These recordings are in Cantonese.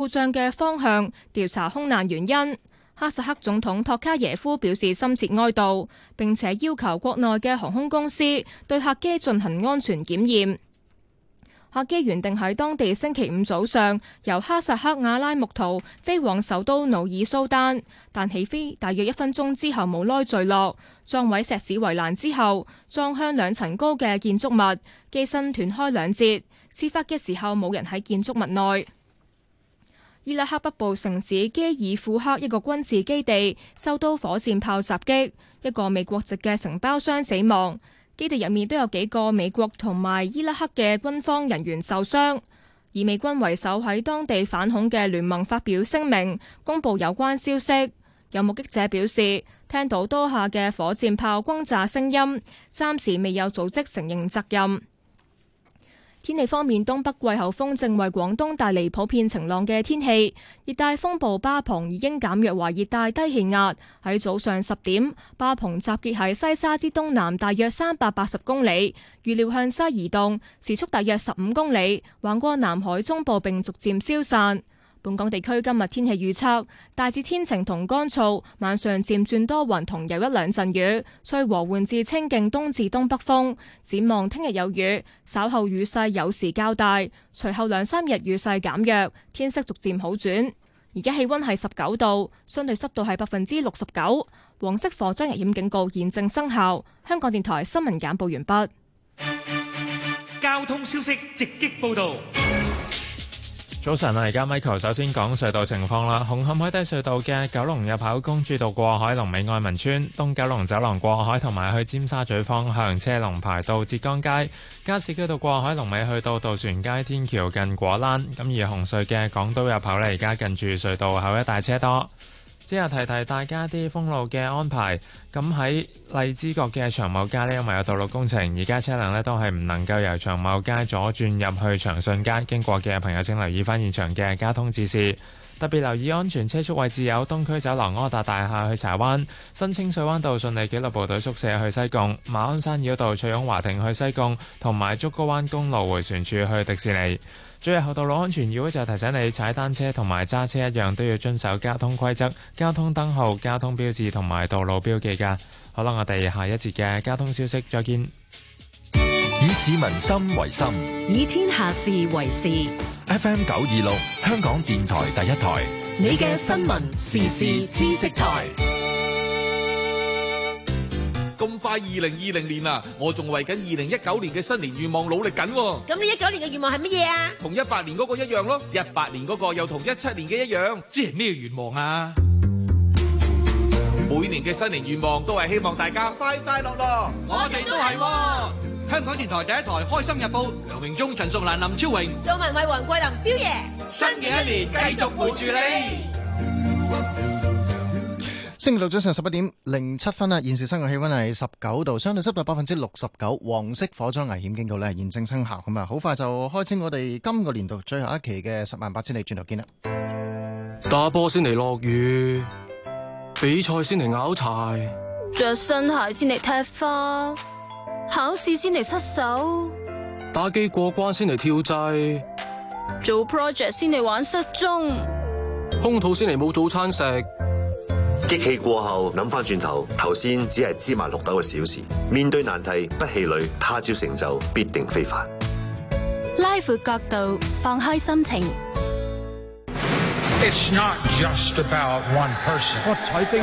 故障嘅方向調查空難原因。哈薩克總統托卡耶夫表示深切哀悼，並且要求國內嘅航空公司對客機進行安全檢驗。客機原定喺當地星期五早上由哈薩克阿拉木圖飛往首都努爾蘇丹，但起飛大約一分鐘之後冇耐墜落，撞毀石屎圍欄之後撞向兩層高嘅建築物，機身斷開兩截，事發嘅時候冇人喺建築物內。伊拉克北部城市基爾庫克一個軍事基地受到火箭炮襲擊，一個美國籍嘅承包商死亡，基地入面都有幾個美國同埋伊拉克嘅軍方人員受傷。以美軍為首喺當地反恐嘅聯盟發表聲明，公布有關消息。有目擊者表示聽到多下嘅火箭炮轟炸聲音，暫時未有組織承認責任。天氣方面，東北季候風正為廣東帶嚟普遍晴朗嘅天氣。熱帶風暴巴蓬已經減弱為熱帶低氣壓，喺早上十點，巴蓬集結喺西沙之東南大約三百八十公里，預料向西移動，時速大約十五公里，橫過南海中部並逐漸消散。本港地區今日天氣預測：大致天晴同乾燥，晚上漸轉多雲同有一兩陣雨，吹和緩至清勁東至東北風。展望聽日有雨，稍後雨勢有時較大，隨後兩三日雨勢減弱，天色逐漸好轉。而家氣溫係十九度，相對濕度係百分之六十九。黃色火災危險警告現正生效。香港電台新聞簡報完畢。交通消息直擊報道。.早晨啊，而家 Michael 首先講隧道情況啦。紅磡海底隧道嘅九龍入口公主道過海龍尾愛民村，東九龍走廊過海同埋去尖沙咀方向車龍排到浙江街，加士居道過海龍尾去到渡船街天橋近果欄。咁而紅隧嘅港島入口咧，而家近住隧道口一帶車多。之後提提大家啲封路嘅安排。咁喺荔枝角嘅長茂街呢，因為有道路工程，而家車輛呢都係唔能夠由長茂街左轉入去長順街。經過嘅朋友，請留意翻現場嘅交通指示，特別留意安全車速位置，有東區走廊柯達大廈去柴灣、新清水灣道順利紀律部隊宿舍去西貢、馬鞍山繞道翠擁華庭去西貢，同埋竹篙灣公路回旋處去迪士尼。最後，道路安全議會就提醒你，踩單車同埋揸車一樣，都要遵守交通規則、交通燈號、交通標誌同埋道路標記噶。好啦，我哋下一節嘅交通消息再見。以市民心為心，以天下事為事。FM 九二六，香港電台第一台，你嘅新聞時事知識台。咁快二零二零年啦，我仲為緊二零一九年嘅新年願望努力緊。咁你一九年嘅願望係乜嘢啊？同一八年嗰個一樣咯，一八年嗰個又同一七年嘅一樣。即係咩願望啊？每年嘅新年願望都係希望大家快快樂樂，我哋都係。香港電台第一台開心日報，梁榮忠、陳淑蘭、林超榮、杜雯惠、黃桂林、彪爺，新嘅一年繼續陪住你。星期六早上十一點零七分啊！現時室外氣溫係十九度，相對濕度百分之六十九，黃色火災危險警告咧，現正生效咁啊。好快就開清我哋今個年度最後一期嘅十萬八千里，轉頭見啦！打波先嚟落雨，比賽先嚟拗柴，着新鞋先嚟踢花，考試先嚟失手，打機過關先嚟跳掣，做 project 先嚟玩失蹤，空肚先嚟冇早餐食。激氣過後，諗翻轉頭，頭先只係芝麻綠豆嘅小事。面對難題，不氣餒，他朝成就必定非凡。拉闊角度，放開心情。It's not just about one person.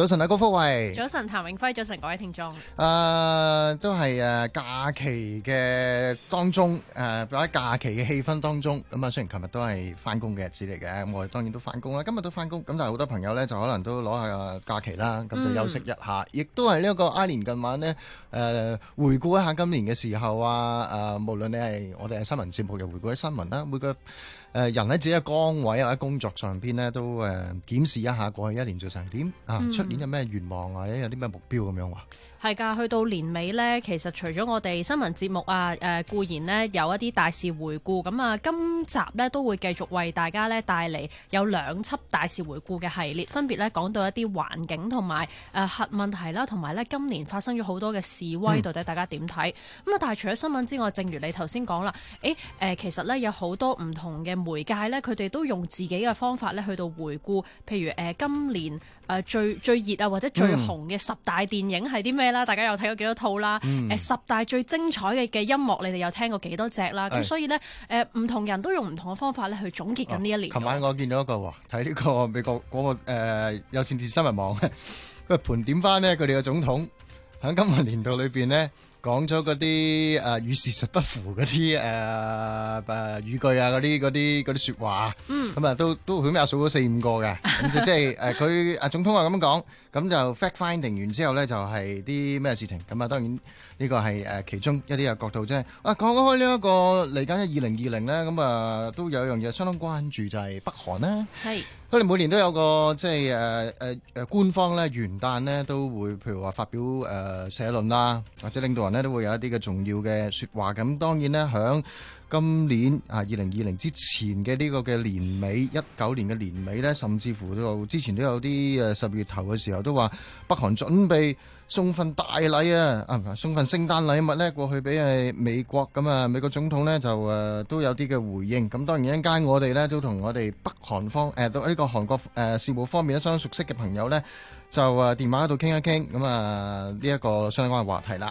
早晨啊，高福偉；早晨，譚永輝；早晨，各位聽眾。誒，都係誒假期嘅當中，誒，喺假期嘅氣氛當中，咁啊，雖然琴日都係翻工嘅日子嚟嘅，咁我哋當然都翻工啦，今日都翻工，咁但係好多朋友咧就可能都攞下假期啦，咁就休息一下，亦都係呢一個挨年近晚咧，誒回顧一下今年嘅時候啊，誒，無論你係我哋嘅新聞節目又回顧啲新聞啦，每個。誒，人喺自己嘅崗位或者工作上邊咧，都誒檢視一下過去一年做成點啊，出年有咩願望或者有啲咩目標咁樣喎。係噶，去到年尾呢，其實除咗我哋新聞節目啊、呃，固然呢有一啲大事回顧，咁啊，今集呢都會繼續為大家呢帶嚟有兩輯大事回顧嘅系列，分別呢講到一啲環境同埋誒核問題啦，同埋呢今年發生咗好多嘅示威，到底大家點睇？咁啊、嗯，但係除咗新聞之外，正如你頭先講啦，其實呢有好多唔同嘅媒介呢，佢哋都用自己嘅方法呢去到回顧，譬如誒、呃、今年。誒最最熱啊，或者最紅嘅十大電影係啲咩啦？嗯、大家又睇過幾多套啦？誒、嗯、十大最精彩嘅嘅音樂，你哋又聽過幾多隻啦？咁、嗯、所以咧，誒、呃、唔同人都用唔同嘅方法咧去總結緊呢一年。琴、哦、晚我見到一個，睇呢個美國嗰、那個、呃、有線電視新聞網，佢 係盤點翻呢？佢哋嘅總統喺今日年度裏邊呢。講咗嗰啲誒與事實不符嗰啲誒誒語句啊，嗰啲嗰啲嗰啲説話、啊，咁啊、嗯、都都佢咩阿數咗四五個嘅，咁 就即係誒佢阿總統啊咁樣講，咁就 fact finding 完之後咧就係啲咩事情，咁啊當然。呢個係誒其中一啲嘅角度啫。啊，講開呢一個嚟緊嘅二零二零呢，咁啊都有樣嘢相當關注，就係北韓啦。係，佢哋每年都有個即係誒誒誒官方咧元旦呢都會，譬如話發表誒社論啦，或者領導人呢都會有一啲嘅重要嘅説話。咁當然呢，響今年啊二零二零之前嘅呢個嘅年尾，一九年嘅年尾呢，甚至乎都之前都有啲誒十月頭嘅時候都話北韓準備送份大禮啊！啊唔係送份聖誕禮物咧，過去俾係美國咁啊，美國總統咧就誒都有啲嘅回應。咁當然一陣間，我哋咧都同我哋北韓方誒到呢個韓國誒事務方面咧相當熟悉嘅朋友咧，就誒電話喺度傾一傾。咁啊，呢一個相關話題啦。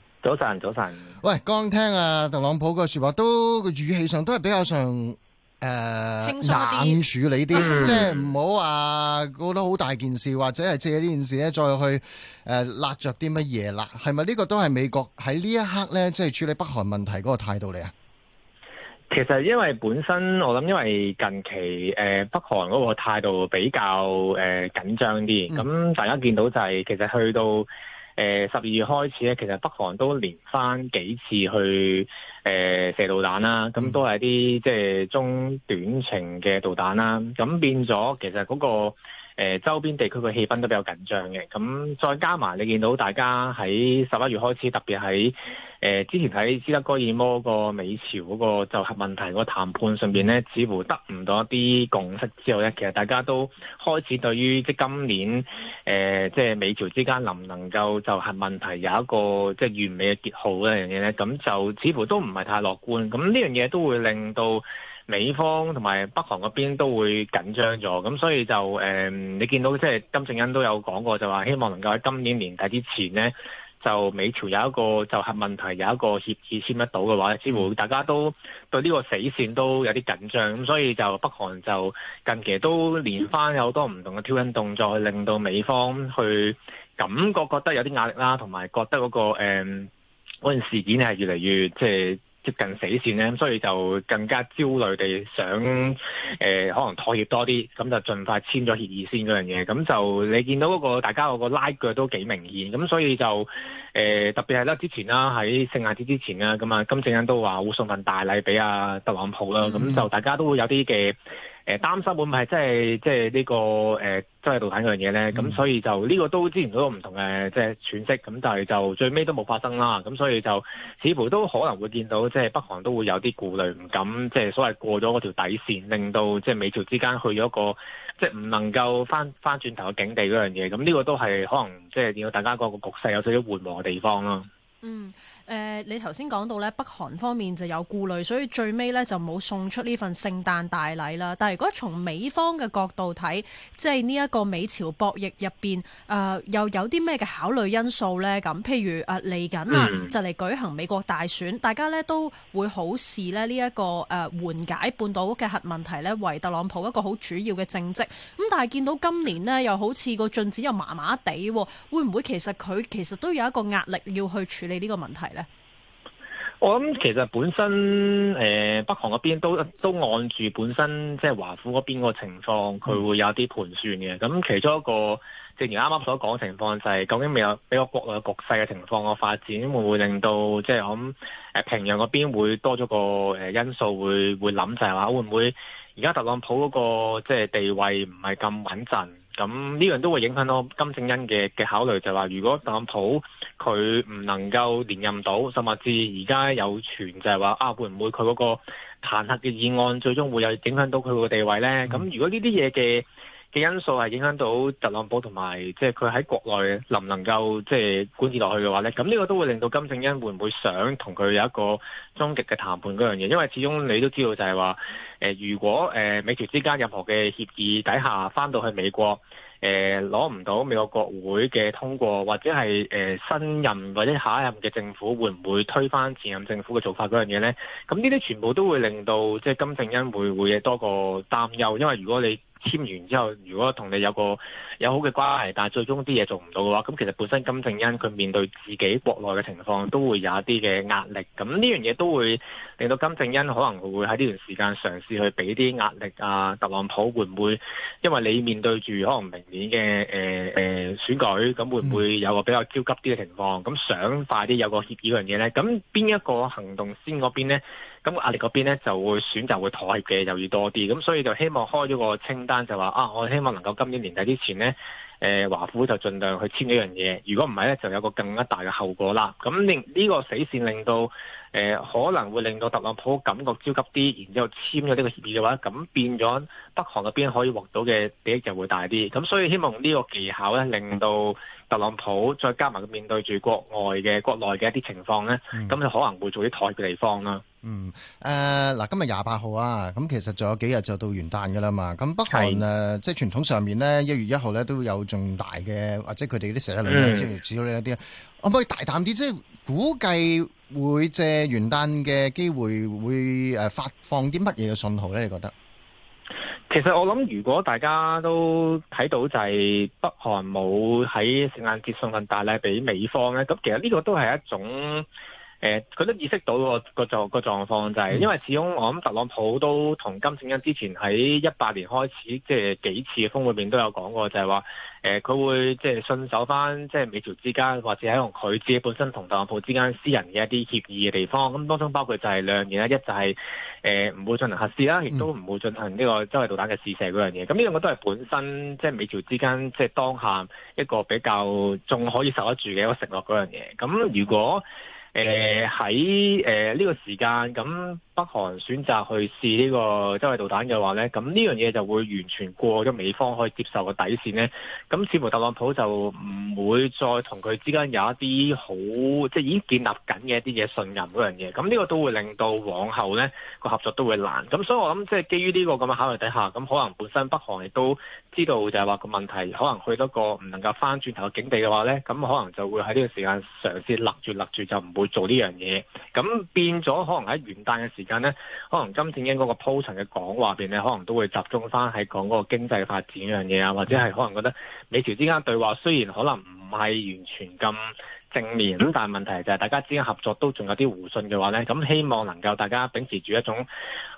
早晨，早晨。喂，剛聽啊，特朗普個說話都個語氣上都係比較上誒，冷處理啲，即係唔好話覺得好大件事，或者係借呢件事咧再去誒辣著啲乜嘢啦。係咪呢個都係美國喺呢一刻咧，即係處理北韓問題嗰個態度嚟啊？其實因為本身我諗，因為近期誒北韓嗰個態度比較誒緊張啲，咁大家見到就係其實去到。誒十二月開始咧，其實北韓都連翻幾次去，呃、射導彈啦，咁都係啲即係中短程嘅導彈啦，咁變咗其實嗰個，呃、周邊地區嘅氣氛都比較緊張嘅，咁再加埋你見到大家喺十一月開始，特別喺誒、呃、之前喺斯德哥爾摩個美朝嗰個就核問題嗰個談判上邊咧，似乎得唔到一啲共識之後咧，其實大家都開始對於即係今年誒、呃、即係美朝之間能唔能夠就核問題有一個即係完美嘅結好呢樣嘢咧，咁就似乎都唔係太樂觀。咁呢樣嘢都會令到美方同埋北韓嗰邊都會緊張咗。咁所以就誒、呃，你見到即係金正恩都有講過，就話希望能夠喺今年年底之前咧。就美朝有一個就核問題有一個協議簽得到嘅話，似乎大家都對呢個死線都有啲緊張，咁所以就北韓就近期都連翻有好多唔同嘅挑釁動作，去令到美方去感覺覺得有啲壓力啦，同埋覺得嗰個誒嗰件事件係越嚟越即係。接近死線咧，所以就更加焦慮地想，誒、呃、可能妥協多啲，咁就盡快簽咗協議先嗰樣嘢。咁就你見到嗰、那個、大家個拉腳都幾明顯，咁所以就誒、呃、特別係咧之前啦，喺聖誕節之前啊，咁啊金正恩都話會送份大禮俾阿特朗普啦，咁、嗯、就大家都會有啲嘅。誒，擔心會唔係即係即係呢個誒洲際導彈嗰樣嘢咧，咁、嗯、所以就呢、這個都之前都有唔同嘅即係揣測，咁就係、是、就，是、就最尾都冇發生啦，咁所以就似乎都可能會見到即係、就是、北韓都會有啲顧慮，唔敢即係、就是、所謂過咗嗰條底線，令到即係、就是、美朝之間去咗個即係唔能夠翻翻轉頭嘅境地嗰樣嘢，咁呢個都係可能即係令到大家嗰個局勢有少少緩和嘅地方咯。嗯。誒、呃，你頭先講到咧，北韓方面就有顧慮，所以最尾咧就冇送出呢份聖誕大禮啦。但係如果從美方嘅角度睇，即係呢一個美朝博弈入邊，誒、呃、又有啲咩嘅考慮因素呢？咁譬如誒嚟緊啊，來就嚟舉行美國大選，嗯、大家咧都會好視呢呢一個誒緩解半島嘅核問題呢為特朗普一個好主要嘅政績。咁但係見到今年呢又好似個進展又麻麻地，會唔會其實佢其實都有一個壓力要去處理呢個問題呢？我諗其實本身誒、呃、北韓嗰邊都都按住本身即係華府嗰邊個情況，佢會有啲盤算嘅。咁其中一個，正如啱啱所講嘅情況，就係，就係究竟未有俾個國內局勢嘅情況個發展，會唔會令到即係、就係、我諗誒平壤嗰邊會多咗個誒因素，會會諗就係話會唔會而家特朗普嗰個即係地位唔係咁穩陣。咁呢樣都會影響到金正恩嘅嘅考慮就，就係話如果特朗普佢唔能夠連任到，甚至而家有傳就係話啊，會唔會佢嗰個彈劾嘅議案最終會有影響到佢個地位呢？咁、嗯、如果呢啲嘢嘅嘅因素係影響到特朗普同埋，即係佢喺國內能唔能夠即係管治落去嘅話呢，咁呢個都會令到金正恩會唔會想同佢有一個終極嘅談判嗰樣嘢？因為始終你都知道就係話，誒、呃、如果誒、呃、美朝之間任何嘅協議底下翻到去美國，誒攞唔到美國國會嘅通過，或者係誒、呃、新任或者下一任嘅政府會唔會推翻前任政府嘅做法嗰樣嘢呢？咁呢啲全部都會令到即係金正恩會會多個擔憂，因為如果你簽完之後，如果同你有個有好嘅關係，但係最終啲嘢做唔到嘅話，咁其實本身金正恩佢面對自己國內嘅情況都會有一啲嘅壓力。咁呢樣嘢都會令到金正恩可能會喺呢段時間嘗試去俾啲壓力啊。特朗普會唔會因為你面對住可能明年嘅誒誒選舉，咁會唔會有個比較焦急啲嘅情況，咁想快啲有個協議樣嘢呢？咁邊一個行動先嗰邊呢？咁壓力嗰邊呢，就會選擇會妥協嘅又要多啲，咁所以就希望開咗個清單就話啊，我希望能夠今年年底之前呢，誒、呃、華府就盡量去簽一樣嘢，如果唔係呢，就有一個更加大嘅後果啦。咁令呢個死線令到。誒、呃，可能會令到特朗普感覺焦急啲，然之後簽咗呢個協議嘅話，咁變咗北韓嗰邊可以獲到嘅利益就會大啲。咁所以希望呢個技巧咧，令到特朗普再加埋佢面對住國外嘅國內嘅一啲情況咧，咁佢、嗯、可能會做啲妥嘅地方、嗯呃、啦。嗯，誒嗱，今天28日廿八號啊，咁其實仲有幾日就到元旦噶啦嘛。咁北韓誒，是即係傳統上面咧，一月一號咧都有重大嘅，或者佢哋啲社論咧，即係主要呢有啲，可唔可以大膽啲？即係估計。會借元旦嘅機會，會誒發放啲乜嘢嘅信號呢？你覺得？其實我諗，如果大家都睇到就係北韓冇喺聖誕節送份大禮俾美方呢，咁其實呢個都係一種。誒，佢都、呃、意識到個個狀個狀況，就係、是、因為始終我諗特朗普都同金正恩之前喺一八年開始，即係幾次嘅峰會入面都有講過，就係話誒，佢、呃、會即係信守返，即係美朝之間，或者喺同佢自己本身同特朗普之間私人嘅一啲協議嘅地方，咁當中包括就係兩點啦，一就係誒唔會進行核試啦，亦都唔會進行呢個洲際導彈嘅試射嗰樣嘢。咁呢兩個都係本身即係美朝之間即係當下一個比較仲可以受得住嘅一個承諾嗰樣嘢。咁如果誒喺誒呢個時間咁，北韓選擇去試呢個洲際導彈嘅話呢，咁呢樣嘢就會完全過咗美方可以接受嘅底線呢，咁似乎特朗普就唔會再同佢之間有一啲好即係已經建立緊嘅一啲嘢信任嗰樣嘢。咁呢個都會令到往後呢、個合作都會難。咁所以我諗即係基於呢個咁嘅考慮底下，咁可能本身北韓亦都。知道就係話個問題，可能去到個唔能夠翻轉頭嘅境地嘅話呢，咁可能就會喺呢個時間嘗試勒住勒住，就唔會做呢樣嘢。咁變咗可能喺元旦嘅時間呢，可能金正恩嗰個鋪陳嘅講話入邊呢，可能都會集中翻喺講嗰個經濟發展呢樣嘢啊，或者係可能覺得美朝之間對話雖然可能唔係完全咁。正面咁，但係問題就係大家之間合作都仲有啲互信嘅話呢，咁希望能夠大家秉持住一種，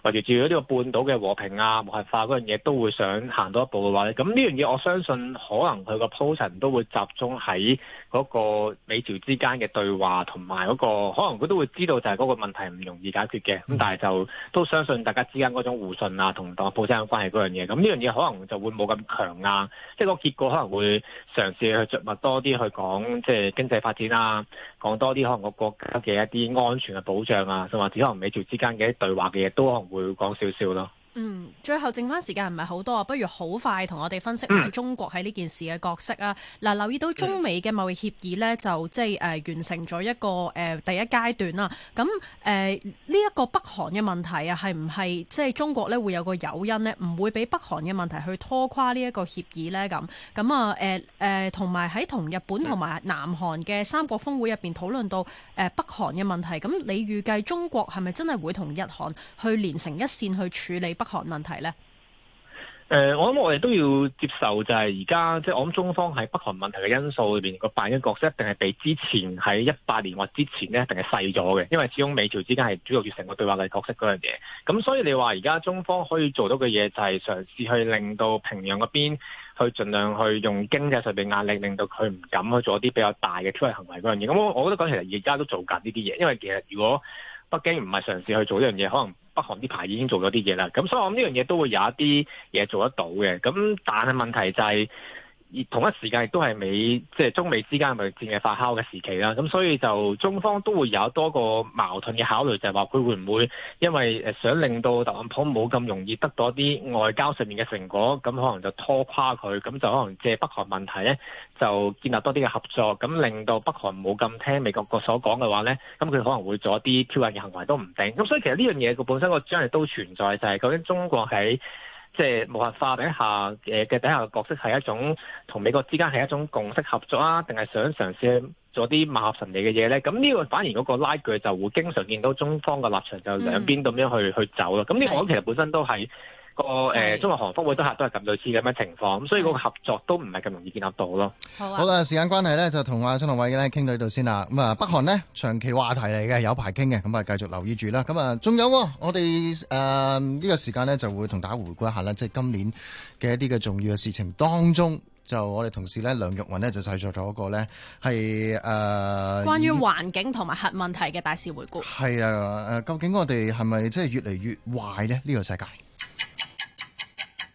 或者至於呢個半島嘅和平啊、無核化嗰樣嘢都會想行多一步嘅話呢，咁呢樣嘢我相信可能佢個鋪陳都會集中喺嗰個美朝之間嘅對話同埋嗰個，可能佢都會知道就係嗰個問題唔容易解決嘅，咁、嗯、但係就都相信大家之間嗰種互信啊同特朗普嘅關係嗰樣嘢，咁呢樣嘢可能就會冇咁強硬，即係個結果可能會嘗試去著墨多啲去講即係經濟發展。先啊，講多啲可能個國家嘅一啲安全嘅保障啊，同埋只可能美朝之間嘅一啲對話嘅嘢，都可能會講少少咯。嗯，最後剩翻時間唔係好多啊，不如好快同我哋分析下中國喺呢件事嘅角色啊！嗱、嗯，留意到中美嘅貿易協議呢，就即係誒、呃、完成咗一個誒、呃、第一階段啦。咁誒呢一個北韓嘅問題啊，係唔係即係中國呢，會有個誘因呢，唔會俾北韓嘅問題去拖垮呢一個協議呢。咁咁啊？誒、呃、誒，同埋喺同日本同埋南韓嘅三國峰會入邊討論到誒、呃、北韓嘅問題，咁你預計中國係咪真係會同日韓去連成一線去處理北？北韓問題咧？誒、呃，我諗我哋都要接受就係，就係而家即係我諗中方喺北韓問題嘅因素裏邊個扮演嘅角色，一定係比之前喺一八年或之前咧，一定係細咗嘅。因為始終美朝之間係主導住成個對話嘅角色嗰樣嘢。咁所以你話而家中方可以做到嘅嘢，就係嘗試去令到平壤嗰邊去盡量去用經濟上邊壓力，令到佢唔敢去做一啲比較大嘅挑釁行為嗰樣嘢。咁我我覺得講起嚟而家都在做緊呢啲嘢，因為其實如果北京唔係嘗試去做呢樣嘢，可能。北韓呢排已經做咗啲嘢啦，咁所以我諗呢樣嘢都會有一啲嘢做得到嘅，咁但係問題就係、是。而同一時間，亦都係美即係中美之間貿戰嘅發酵嘅時期啦。咁所以就中方都會有多個矛盾嘅考慮，就係話佢會唔會因為誒想令到特朗普冇咁容易得到啲外交上面嘅成果，咁可能就拖垮佢，咁就可能借北韓問題咧就建立多啲嘅合作，咁令到北韓冇咁聽美國國所講嘅話咧，咁佢可能會做一啲挑釁嘅行為都唔定。咁所以其實呢樣嘢佢本身個張力都存在，就係、是、究竟中國喺。即係無核化底下嘅嘅底下嘅角色係一種同美國之間係一種共識合作啊，定係想嘗試做啲貌合神離嘅嘢咧？咁呢個反而嗰個拉鋸就會經常見到中方嘅立場就兩邊咁樣去、嗯、去走咯。咁呢個我覺得其實本身都係。個誒，中韓峰會的客都係都係咁類似咁樣情況，咁所以嗰個合作都唔係咁容易建立到咯。好啦、啊吧，時間關係咧，就同阿張同偉咧傾到呢度先啦。咁啊，北韓呢長期話題嚟嘅，有排傾嘅，咁啊繼續留意住啦。咁啊，仲有我哋誒呢個時間呢就會同大家回顧一下啦，即、就、係、是、今年嘅一啲嘅重要嘅事情當中，就我哋同事呢梁玉雲呢就製作咗一個呢係誒、呃、關於環境同埋核問題嘅大事回顧。係、嗯、啊，誒，究竟我哋係咪即係越嚟越壞呢呢、這個世界？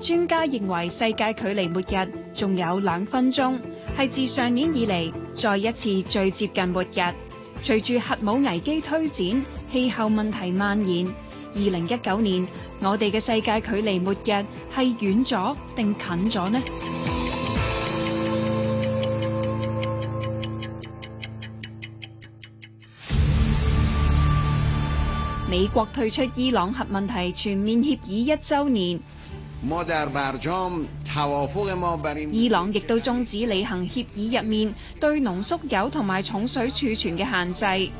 專家認為世界距離末日仲有兩分鐘，係自上年以嚟，再一次最接近末日。隨住核武危機推展，氣候問題蔓延，二零一九年我哋嘅世界距離末日係遠咗定近咗呢？美國退出伊朗核問題全面協議一周年。伊朗亦都終止履行協議入面對濃縮鈾同埋重水儲存嘅限制。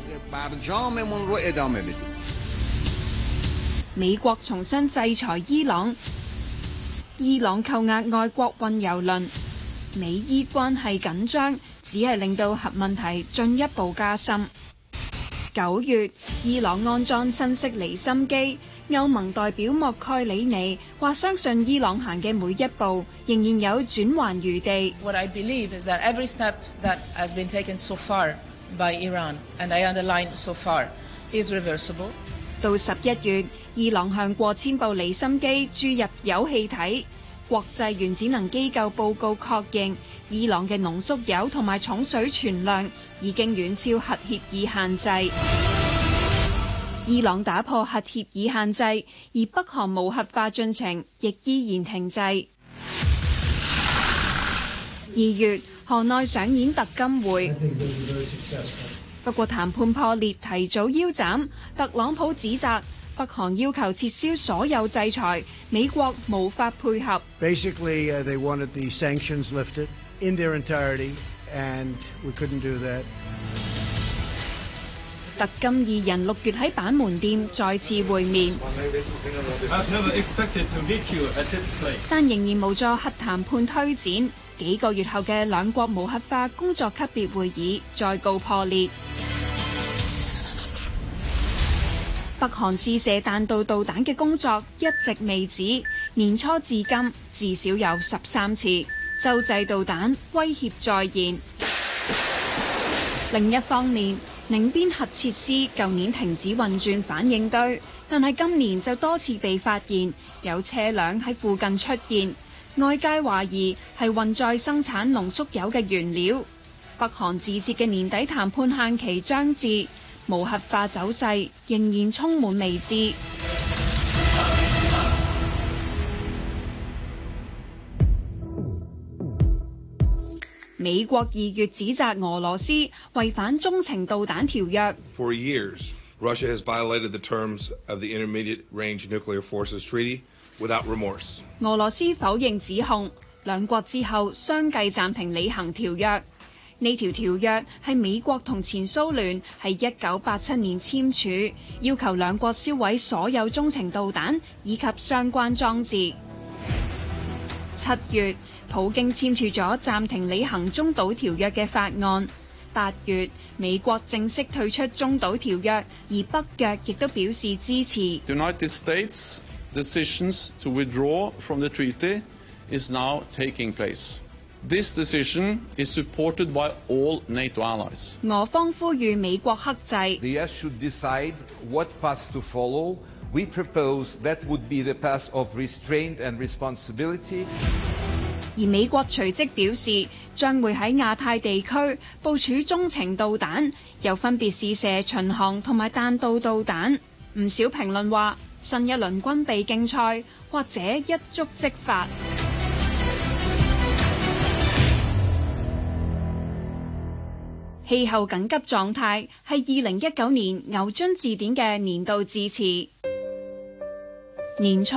美國重新制裁伊朗，伊朗扣押外國運油輪，美伊關係緊張，只係令到核問題進一步加深。九月，伊朗安裝新式離心機。歐盟代表莫蓋里尼話：相信伊朗行嘅每一步仍然有轉圜餘地。What I believe is that every step that has been taken so far by Iran, and I underline so far, is reversible. 到十一月，伊朗向過千部離心機注入鈾氣體，國際原子能機構報告確認，伊朗嘅濃縮鈾同埋重水存量已經遠超核協議限制。伊朗打破核協議限制，而北韓無核化進程亦依然停滯。二月，河內上演特金會，不過談判破裂提早腰斬。特朗普指責北韓要求撤銷所有制裁，美國無法配合。Basically, they wanted the sanctions lifted in their entirety, and we couldn't do that. 特金二人六月喺板門店再次會面，但仍然無助核談判推展。幾個月後嘅兩國無核化工作級別會議再告破裂。北韓試射彈道導彈嘅工作一直未止，年初至今至少有十三次，洲際導彈威脅再現。另一方面。寧邊核設施舊年停止運轉反應堆，但係今年就多次被發現有車輛喺附近出現，外界懷疑係運載生產濃縮鈾嘅原料。北韓自設嘅年底談判限期將至，無核化走勢仍然充滿未知。美國二月指責俄羅斯違反中程導彈條約。For years, Russia has violated the terms of the intermediate range nuclear forces treaty without remorse. 俄羅斯否認指控，兩國之後相繼暫停履行條約。呢條條約係美國同前蘇聯喺一九八七年簽署，要求兩國銷毀所有中程導彈以及相關裝置。七月。普京簽署咗暫停履行中島條約嘅法案。八月，美國正式退出中島條約，而北約亦都表示支持。俄方呼籲美國克制。而美國隨即表示，將會喺亞太地區部署中程導彈，又分別試射巡航同埋彈道導彈。唔少評論話，新一輪軍備競賽或者一觸即發。氣候緊急狀態係二零一九年牛津字典嘅年度字詞。年初。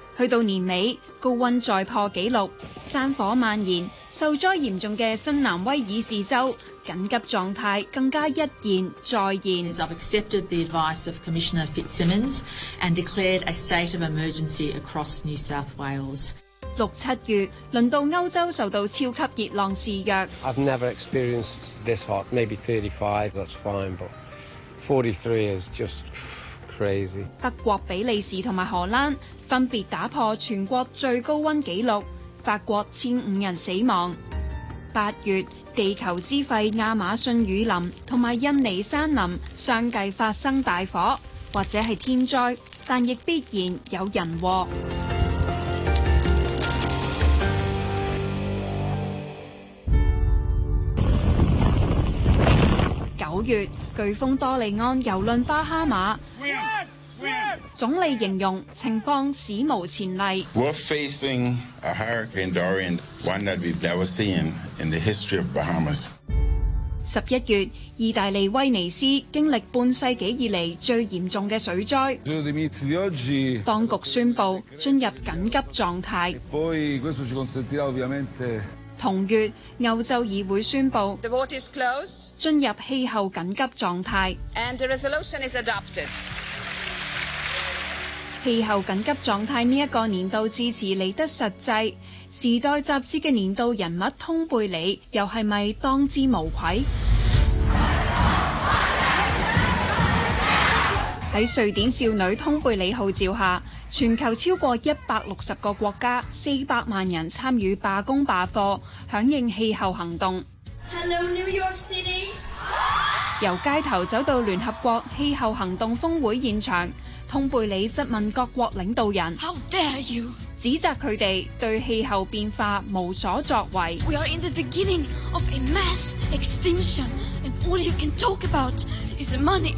去到年尾，高溫再破紀錄，山火蔓延，受災嚴重嘅新南威爾士州緊急狀態更加一現再現。I've accepted the advice of Commissioner Fitzsimmons and declared a state of emergency across New South Wales. 六七月，輪到歐洲受到超級熱浪肆虐。I've never experienced this hot. Maybe 35, that's fine, but 43 is just... 德國、比利時同埋荷蘭分別打破全國最高温紀錄，法國千五人死亡。八月，地球之肺亞馬遜雨林同埋印尼山林相繼發生大火，或者係天災，但亦必然有人禍。月颶風多利安蹂躪巴哈馬，總理形容情況史無前例。十一月，意大利威尼斯經歷半世紀以嚟最嚴重嘅水災，當局宣布進入緊急狀態。同月，歐洲議會宣布進入氣候緊急狀態。氣候緊急狀態呢一個年度支持嚟得實際。《時代》雜誌嘅年度人物通貝里又係咪當之無愧？喺瑞典少女通貝里號召下，全球超過一百六十個國家四百萬人參與罷工罷課，響應氣候行動。Hello, New York City. 由街頭走到聯合國氣候行動峰會現場，通貝里質問各國領導人，How dare you? 指責佢哋對氣候變化無所作為。We are in the beginning of a mass extinction, and all you can talk about is money.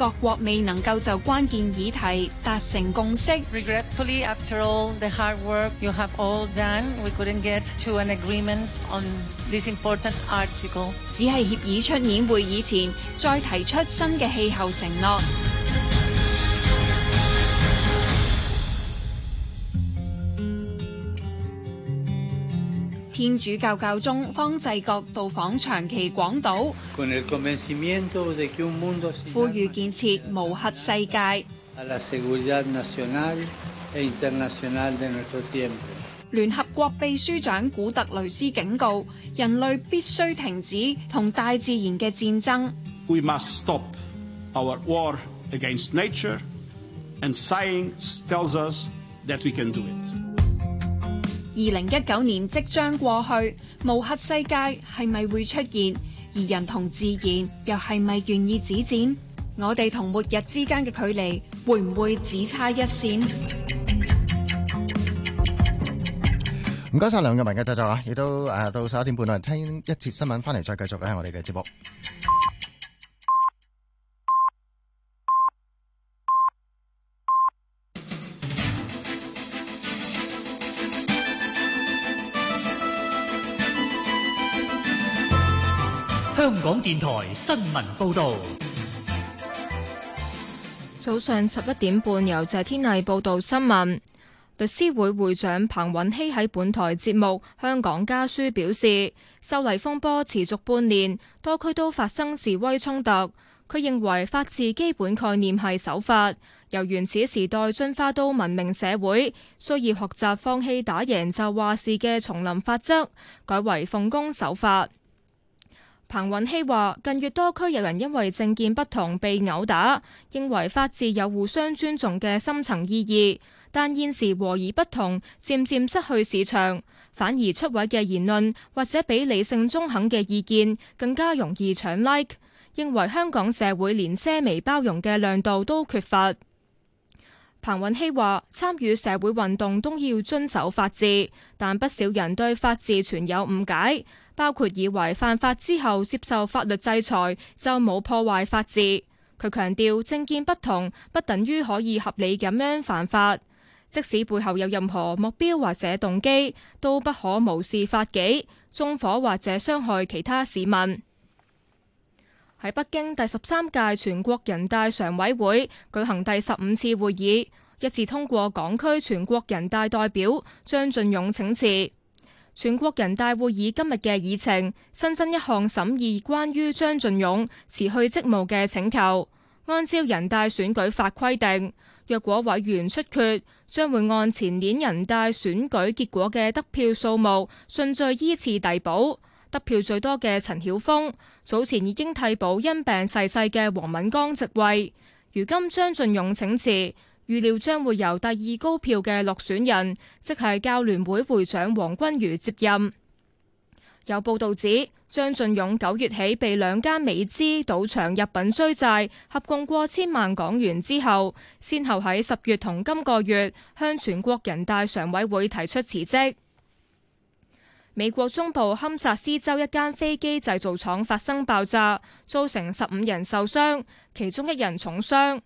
各國未能夠就關鍵議題達成共識，只係協議出年會議前再提出新嘅氣候承諾。天主教教宗方濟各到訪長崎、廣島，Con 呼籲建設 la 無核世界。E、聯合國秘書長古特雷斯警告，人類必須停止同大自然嘅戰爭。二零一九年即將過去，無核世界係咪會出現？而人同自然又係咪願意指戰？我哋同末日之間嘅距離會唔會只差一線？唔該晒梁玉文嘅製作啊，亦都誒到十一點半啦，聽一節新聞翻嚟再繼續嘅我哋嘅節目。香港電台新聞報道，早上十一點半由謝天麗報道新聞。律師會會長彭允熙喺本台節目《香港家書》表示，修例風波持續半年，多區都發生示威衝突。佢認為法治基本概念係守法，由原始時代進化到文明社會，需要學習放棄打贏就話事嘅叢林法則，改為奉公守法。彭允熙話：近月多區有人因為政見不同被毆打，認為法治有互相尊重嘅深層意義。但現時和而不同漸漸失去市場，反而出位嘅言論或者比理性中肯嘅意見更加容易搶 like。認為香港社會連些微包容嘅亮度都缺乏。彭允熙話：參與社會運動都要遵守法治，但不少人對法治存有誤解。包括以為犯法之後接受法律制裁就冇破壞法治。佢強調政見不同不等於可以合理咁樣犯法，即使背後有任何目標或者動機，都不可無視法紀、縱火或者傷害其他市民。喺北京第十三屆全國人大常委會舉行第十五次會議，一致通過港區全國人大代表張俊勇請辭。全國人大會議今日嘅議程新增一項，審議關於張俊勇辭去職務嘅請求。按照人大選舉法規定，若果委員出缺，將會按前年人大選舉結果嘅得票數目，順序依次遞補。得票最多嘅陳曉峰早前已經替補因病逝世嘅王敏剛職位，如今張俊勇請辭。預料將會由第二高票嘅落選人，即係教聯會會長黃均瑜接任。有報道指，張俊勇九月起被兩間美資賭場入稟追債，合共過千萬港元之後，先後喺十月同今個月向全國人大常委會提出辭職。美國中部堪薩斯州一間飛機製造廠發生爆炸，造成十五人受傷，其中一人重傷。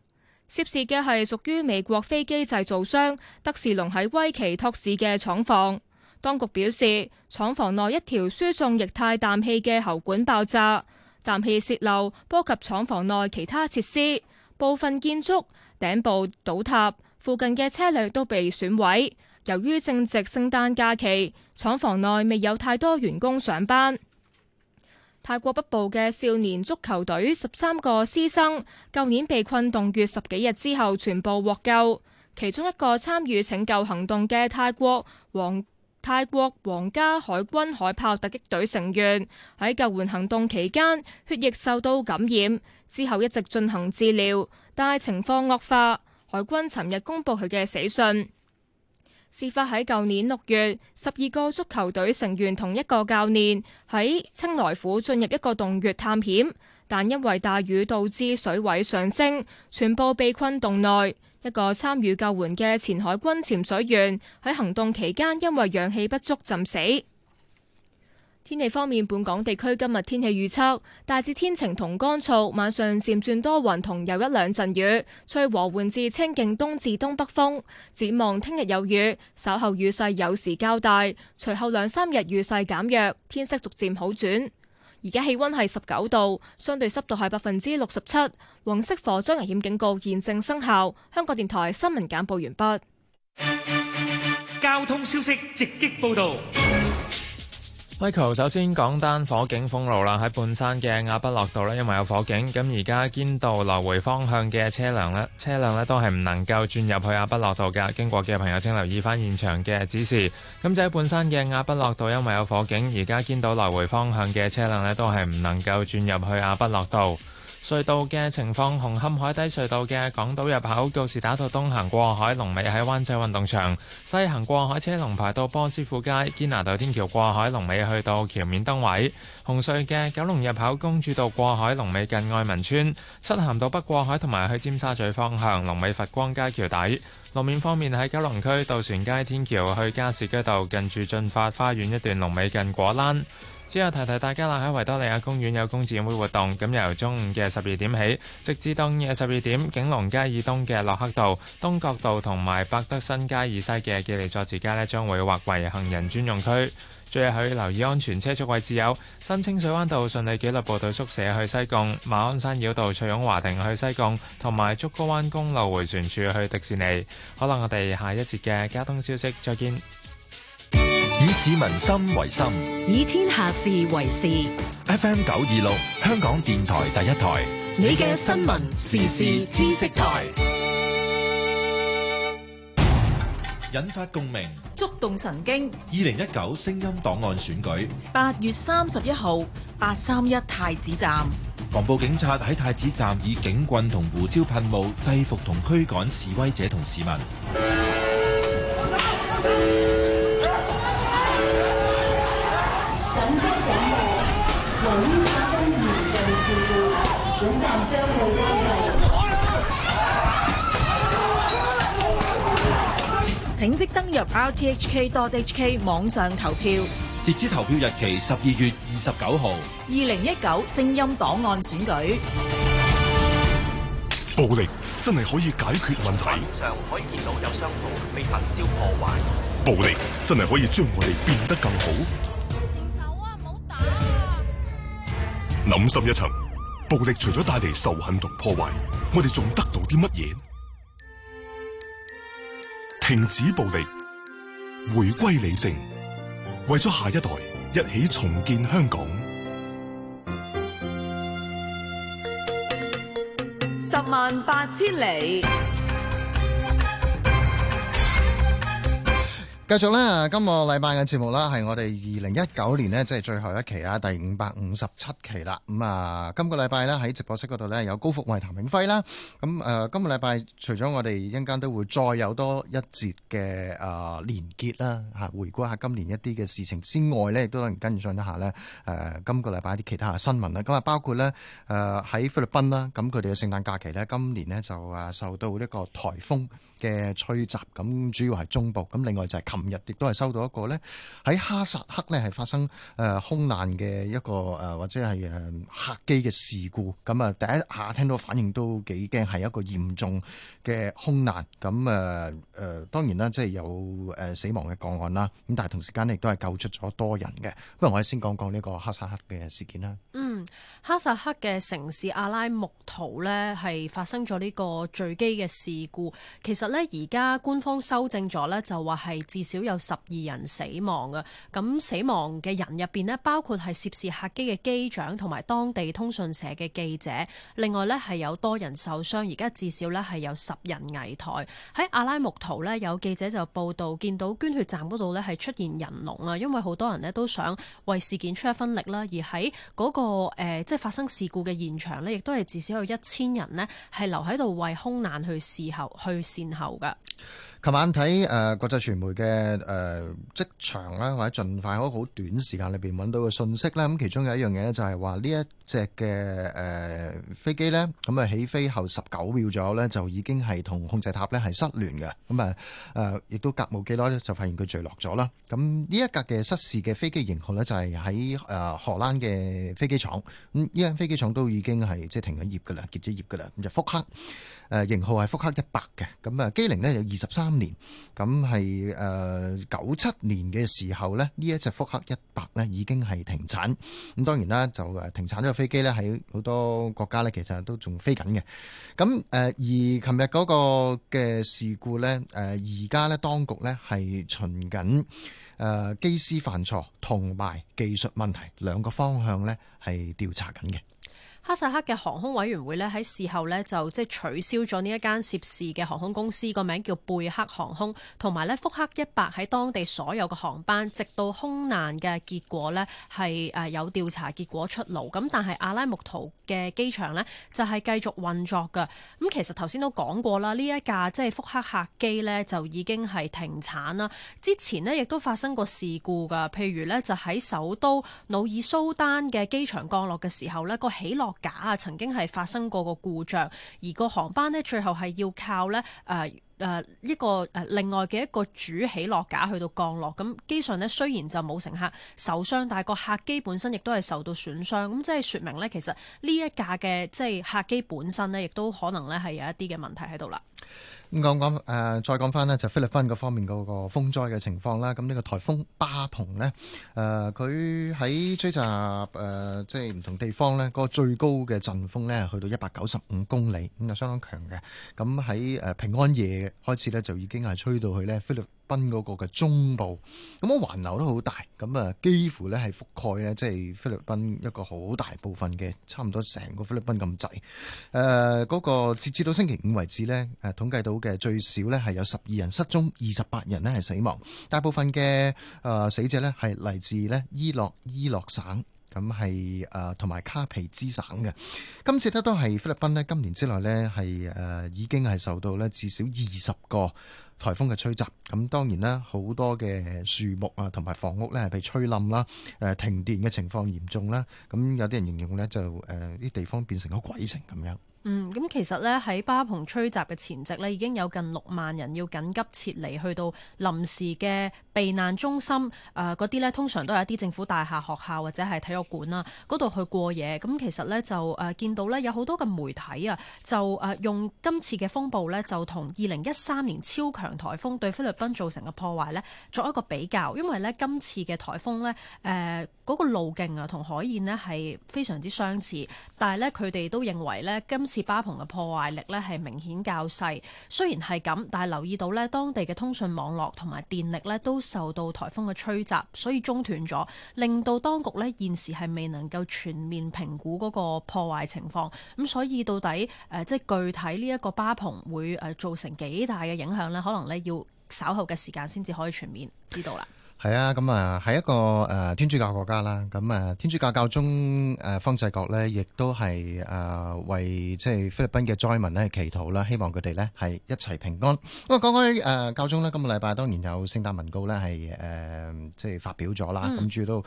涉事嘅係屬於美國飛機製造商德士隆喺威奇托市嘅廠房。當局表示，廠房內一條輸送液態氮氣嘅喉管爆炸，氮氣洩漏波及廠房內其他設施，部分建築頂部倒塌，附近嘅車輛都被損毀。由於正值聖誕假期，廠房內未有太多員工上班。泰國北部嘅少年足球隊十三個師生，舊年被困洞穴十幾日之後，全部獲救。其中一個參與拯救行動嘅泰國皇泰國皇家海軍海豹突擊隊成員，喺救援行動期間血液受到感染，之後一直進行治療，但係情況惡化，海軍尋日公布佢嘅死訊。事發喺舊年六月，十二個足球隊成員同一個教練喺清萊府進入一個洞穴探險，但因為大雨導致水位上升，全部被困洞內。一個參與救援嘅前海軍潛水員喺行動期間因為氧氣不足浸死。天氣方面，本港地區今日天氣預測大致天晴同乾燥，晚上漸轉多雲同有一兩陣雨，吹和緩至清勁東至東北風。展望聽日有雨，稍後雨勢有時較大，隨後兩三日雨勢減弱，天色逐漸好轉。而家氣溫係十九度，相對濕度係百分之六十七。黃色火災危險警告現正生效。香港電台新聞簡報完畢。交通消息直擊報道。Michael 首先講單火警封路啦，喺半山嘅亞畢諾道咧，因為有火警，咁而家堅道來回方向嘅車輛咧，車輛咧都係唔能夠轉入去亞畢諾道嘅。經過嘅朋友請留意返現場嘅指示。咁就喺半山嘅亞畢諾道，因為有火警，而家堅道來回方向嘅車輛咧，車輛都係唔能夠轉入去亞畢諾道，道。隧道嘅情況，紅磡海底隧道嘅港島入口告士打道東行過海，龍尾喺灣仔運動場；西行過海車龍排到波斯富街，堅拿道天橋過海，龍尾去到橋面燈位。紅隧嘅九龍入口公主道過海，龍尾近愛民村；漆咸道北過海同埋去尖沙咀方向，龍尾佛光街橋底。路面方面喺九龍區渡船街天橋去加士居道近住進發花園一段，龍尾近果欄。之後提提大家啦，喺維多利亞公園有工展會活動，咁由中午嘅十二點起，直至當夜十二點，景隆街以東嘅洛克道、東角道同埋百德新街以西嘅記利佐治街呢，將會劃為行人專用區。最後要留意安全車速位置有：新清水灣道順利紀律部隊宿舍去西貢、馬鞍山繞道翠擁華庭去西貢、同埋竹篙灣公路回旋處去迪士尼。好啦，我哋下一節嘅交通消息，再見。以市民心為心，以天下事為事。FM 九二六，香港電台第一台，你嘅新聞時事知識台，引發共鳴，觸動神經。二零一九聲音檔案選舉，八月三十一號，八三一太子站，防暴警察喺太子站以警棍同胡椒噴霧制服同驅趕示威者同市民。請即登入 rthk.hk 網上投票，截止投票日期十二月二十九號。二零一九聲音檔案選舉。暴力真係可以解決問題？面上可以見到有商鋪被焚燒破壞。暴力真係可以將我哋變得更好？停手啊！唔好打啊！諗深一層。暴力除咗帶嚟仇恨同破壞，我哋仲得到啲乜嘢？停止暴力，回歸理性，為咗下一代，一起重建香港。十萬八千里。繼續咧，今個禮拜嘅節目啦，係我哋二零一九年呢，即係最後一期啦，第五百五十七期啦。咁啊，今個禮拜呢，喺直播室嗰度呢，有高福慧、譚永輝啦。咁誒，今個禮拜除咗我哋一陣間都會再有多一節嘅誒連結啦，吓回顧下今年一啲嘅事情之外呢，亦都能跟進一下呢。誒，今個禮拜啲其他嘅新聞啦，咁啊，包括呢誒喺菲律賓啦，咁佢哋嘅聖誕假期呢，今年呢，就啊受到呢個颱風。嘅吹襲咁，主要係中部。咁另外就係琴日，亦都係收到一個咧喺哈薩克咧係發生誒空難嘅一個誒或者係誒客機嘅事故。咁啊，第一下聽到反應都幾驚，係一個嚴重嘅空難，咁誒誒當然啦，即係有誒死亡嘅個案啦。咁但係同時間咧，亦都係救出咗多人嘅。不如我哋先講講呢個哈薩克嘅事件啦。嗯，哈薩克嘅城市阿拉木圖咧，係發生咗呢個墜機嘅事故。其實。而家官方修正咗咧就話係至少有十二人死亡嘅。咁死亡嘅人入邊咧包括係涉事客機嘅機長同埋當地通訊社嘅記者。另外咧係有多人受傷，而家至少咧係有十人危殆喺阿拉木圖咧。有記者就報道見到捐血站嗰度咧係出現人龍啊，因為好多人咧都想為事件出一分力啦。而喺嗰、那個誒、呃，即係發生事故嘅現場咧，亦都係至少有一千人咧係留喺度為空難去事後去善後噶，琴晚睇誒、呃、國際傳媒嘅誒職場啦，或者盡快好好短時間裏邊揾到嘅信息啦。咁其中有一樣嘢咧，就係話呢一隻嘅誒飛機咧，咁、嗯、啊起飛後十九秒左右咧，就已經係同控制塔咧係失聯嘅，咁啊誒，亦都隔冇幾耐咧，就發現佢墜落咗啦。咁、嗯、呢一架嘅失事嘅飛機型號咧，就係喺誒荷蘭嘅飛機廠，咁、嗯、呢間飛機廠都已經係即係停緊業噶啦，結咗業噶啦，咁就復刻。誒型號係福克一百嘅，咁啊機齡呢，有二十三年，咁係誒九七年嘅時候呢，呢一隻福克一百咧已經係停產。咁當然啦，就誒停產咗嘅飛機咧，喺好多國家咧，其實都仲飛緊嘅。咁誒而琴日嗰個嘅事故呢，誒而家呢，在當局呢係循緊誒機師犯錯同埋技術問題兩個方向呢，係調查緊嘅。哈薩克嘅航空委員會咧喺事後咧就即係取消咗呢一間涉事嘅航空公司個名叫貝克航空，同埋呢福克一百喺當地所有嘅航班，直到空難嘅結果呢係誒有調查結果出爐。咁但係阿拉木圖嘅機場呢就係繼續運作㗎。咁其實頭先都講過啦，呢一架即係福克客機呢就已經係停產啦。之前呢亦都發生過事故㗎，譬如呢就喺首都努爾蘇丹嘅機場降落嘅時候呢個起落。架啊，曾經係發生過個故障，而個航班呢，最後係要靠呢誒誒一個誒、呃、另外嘅一個主起落架去到降落。咁機上呢，雖然就冇乘客受傷，但係個客機本身亦都係受到損傷。咁即係説明呢，其實呢一架嘅即係客機本身呢，亦都可能呢係有一啲嘅問題喺度啦。咁講講誒，再講翻咧就菲律賓嗰方面嗰個風災嘅情況啦。咁呢個颱風巴蓬呢，誒佢喺吹襲誒、呃，即係唔同地方呢、個最高嘅陣風呢，去到一百九十五公里，咁、嗯、就相當強嘅。咁喺誒平安夜開始呢，就已經係吹到去咧菲律賓嗰個嘅中部，咁個環流都好大，咁啊幾乎咧係覆蓋咧，即係菲律賓一個好大部分嘅，差唔多成個菲律賓咁滯。誒嗰個截至到星期五為止呢，誒統計到嘅最少咧係有十二人失蹤，二十八人呢係死亡，大部分嘅誒死者呢係嚟自呢伊洛伊洛省。咁係呃同埋卡皮之省嘅，今次呢都係菲律賓呢今年之內呢係、呃、已經係受到呢至少二十個颱風嘅吹襲，咁當然啦，好多嘅樹木啊同埋房屋呢係被吹冧啦、呃，停電嘅情況嚴重啦，咁有啲人形容呢，就呢啲、呃、地方變成個鬼城咁樣。嗯，咁其實咧喺巴蓬吹襲嘅前夕咧，已經有近六萬人要緊急撤離去到臨時嘅避難中心，誒嗰啲咧通常都係一啲政府大廈、學校或者係體育館啦，度去過夜。咁其實咧就誒見到咧有好多嘅媒體啊，就誒用今次嘅風暴咧，就同二零一三年超強台風對菲律賓造成嘅破壞咧作一個比較。因為咧今次嘅台風咧誒嗰個路徑啊同海燕咧係非常之相似，但係咧佢哋都認為咧今。次巴蓬嘅破壞力呢係明顯較細，雖然係咁，但係留意到呢，當地嘅通訊網絡同埋電力呢都受到台風嘅吹襲，所以中斷咗，令到當局呢現時係未能夠全面評估嗰個破壞情況。咁所以到底誒，即係具體呢一個巴蓬會誒造成幾大嘅影響呢？可能呢要稍後嘅時間先至可以全面知道啦。係啊，咁啊喺一個誒天主教國家啦，咁啊天主教教宗誒方濟各咧，亦都係誒為即係菲律賓嘅災民咧祈禱啦，希望佢哋咧係一齊平安。咁啊講開誒教宗咧，今個禮拜當然有聖誕文告咧係誒即係發表咗啦，咁主要都誒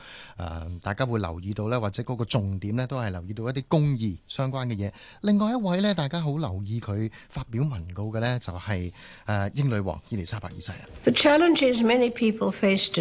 大家會留意到咧，或者嗰個重點咧都係留意到一啲公義相關嘅嘢。另外一位咧，大家好留意佢發表文告嘅咧，就係誒英女王伊麗莎白二世啊。